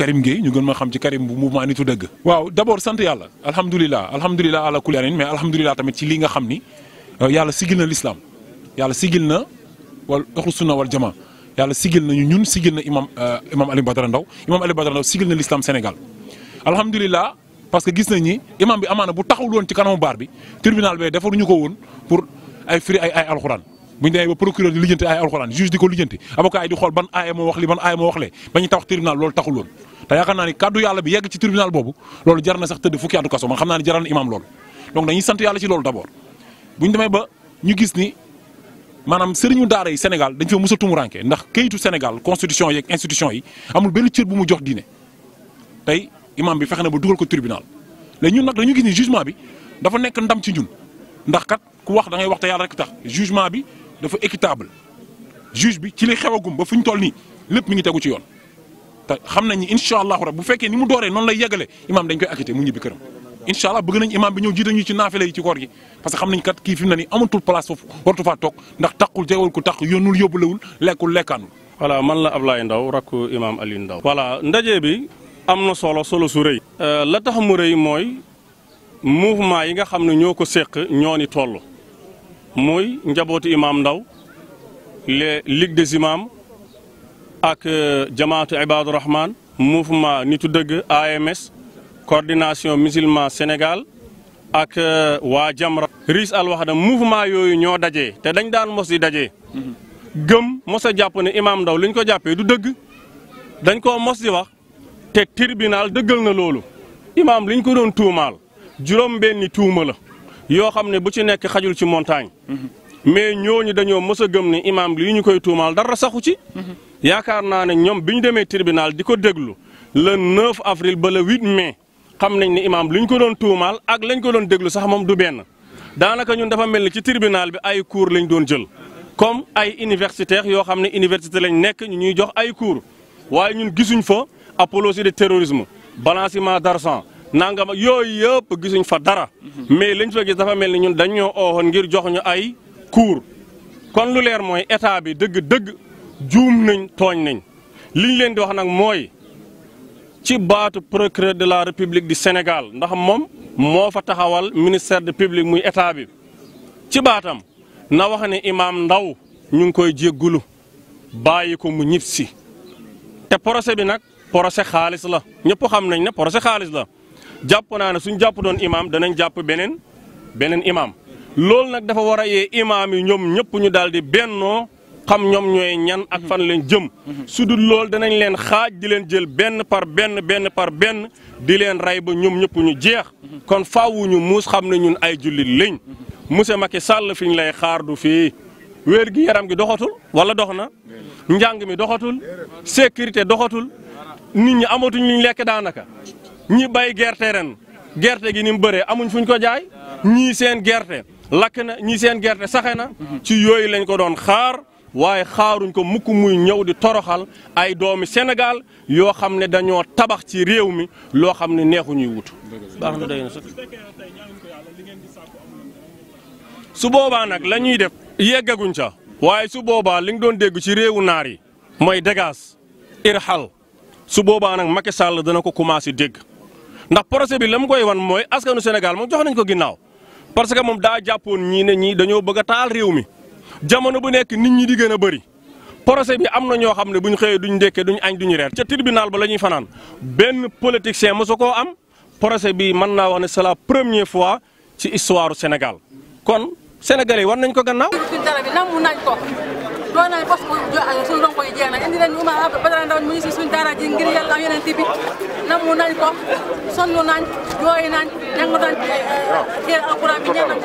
Karim Gueye ñu gën ma xam ci Karim bu mouvement nitu dëgg waaw d'abord sant yàlla alhamdulilah alhamdulilah ala kulli haal mais alhamdulilah tamit ci li nga xam ni euh, yàlla sigil na l'islam yàlla sigil na wal ahlu sunna wal jamaa yàlla sigil nañu ñun sigil na imam euh, imam Aliou Badara Ndaw imam Aliou Badara Ndaw sigil na l'islam Sénégal alhamdulilah parce que gis nañ ni imam bi amaana bu taxaw woon ci kanamu baar bi tribunal bee ñu ko woon pour ay firi ay ay alxuraan buñ demee ba procureur di lijeenté ay alcorane juge diko lijeenté avocat di xol ban ay mo wax li ban ay mo wax lé bañu tax tribunal lolou taxul won te yaakaar naa ni kàddu yàlla bi yegg ci tribunal bobu lolou jarna sax teud fukki atu kasso man xamna ni jaral imam lolou donc dañuy sante yàlla ci lolou d'abord buñ démé ba ñu gis ni manam serigne daara yi Sénégal dañ fa mos tumu ranké ndax kayitu Sénégal constitution yeeg institution yi amul benn ciir bu mu jox diine tay imam bi fexe na ba duggal ko tribunal lé ñun nak dañu gis ni jugement bi dafa nek ndam ci ñun ndax kat ku wax da ngay wax ta yàlla rek tax jugement bi dafa équitable juge bi ci li xewagum ba fuñ ñu toll nii lépp mi ngi teggu ci yoon ta xam nañ ni inshallah allahu rab bu fekkee ni mu dooree noonu lay yegale imam dañ koy acquitté mu ñibbi këram inshallah bëgg nañ imam bi ñëw jiite ci naafile yi ci koor gi parce que xam nañ kat kii fi mu ne nii amatul place foofu wartu faa toog ndax taqul jegewul ku taq yónnul yóbbulewul lekkul lekkaanul voilà man la Ablaye Ndaw rakku imam ali Ndaw voilà ndaje bi am na solo solo su rëy la tax mu rëy mooy mouvement yi nga xam ne ñoo ko séq ñoo ni toll mooy njabootu imaam Ndaw les ligue des imams ak euh, jamaatu Ibadu Rahman nitu dëgg AMS coordination musulman Sénégal ak euh, waa Jamra RIS al Wahda mouvement yooyu ñoo dajee te dañ daan mos di daje. Mhm. gëm mos a jàpp ne imaam Ndaw liñ ko jàppee du dëgg dañ ko mos di wax te tribunal dëggal na loolu imaam liñ ko doon tuumaal juróom-benni tuuma yoo xam ne bu ci nekk xajul ci montagne. mais ñooñu dañoo mës a gëm ne imaam lii ñu koy tuumaal dara saxu ci. yaakaar naa ne ñoom bi ñu tribunal di déglu le 9 avril ba le 8 mai xam nañ ne imaam li ñu ko doon tuumaal ak lañ ko doon déglu sax moom du benn. daanaka ñun dafa mel ni ci tribunal bi ay cours lañ doon jël comme ay universitaires yoo xam ne université lañ nekk ñu ñuy jox ay cours waaye ñun gisuñ fa apologie de terrorisme blanchiment d'argent nangam ak yooyu yëpp gisuñ fa dara. Mhm. mais liñ fa gis dafa mel ni ñun dañ ñoo ngir jox ñu ay cours. kon lu leer mooy état bi dëgg-dëgg juum nañ tooñ nañ liñ leen di wax nag mooy ci baatu procureur de la république du Sénégal ndax moom moo fa taxawal ministère de public muy état bi ci baatam na wax ne imaam Ndaw ñu ngi koy jéggulu bàyyi ko mu ñib si te procès bi nag procès xaalis la ñëpp xam nañ ne procès xaalis la. jàpp naa ne suñ jàpp doon imaam danañ jàpp beneen beneen imaam loolu nag dafa war a yee imaam yi ñoom ñëpp ñu daal di bennoo xam ñoom ñooy ñan ak fan leen jëm su dul loolu danañ leen xaaj di leen jël benn par benn par benn di leen rey ba ñoom ñëpp ñu jeex kon ñu muus xam ne ñun ay jullit lañ monsieur Macky sàll fiñ lay xaar du fii wér gi yaram gi doxatul wala dox na njàng mi doxatul sécurité doxatul nit ñi amatuñ lekk daanaka ñi bay gerte ren gerte gi ni mu bëree amuñ fuñ ko jaay ñii seen gerte lakk na ñii seen gerte saxe na ci yooyu lañ ko doon xaar waaye xaaruñ ko mukk muy ñëw di toroxal ay doomi senegal yoo xam ne dañoo tabax ci réew mi loo xam ne neexu ñuy wut na doy na su boobaa nag lañuy ñuy def yeggaguñ sa waaye su boobaa li nga doon dégg ci réewu naar yi mooy dégaas irxal su boobaa nag Macky Sall dana ko commencé dégg ndax projet bi la mu koy wan mooy askanu Sénégal moom jox nañ ko ginnaaw parce que moom daa jàppoon ñii ne ñii dañoo bëgg a taal réew mi jamono bu nekk nit ñi di gën a bëri projet bi am na ñoo xam ne bu ñu xëyee duñ ndékkee duñ añ duñu reer ca tribunal ba la fanaan benn politicien mosu koo am projet bi mën naa wax ne c'est la première fois ci histoire Sénégal kon sénégalais war nañ ko gannaaw. dara doon nañ bos bu suñu rongo yi jeex na indi nañ Oumar Badara Ndao mu ngi si suñu daara ji ngir yàlla ak yeneen tibi namu nañ ko sonn nañ jooy nañ jàng nañ teel alxuraan bi ñaan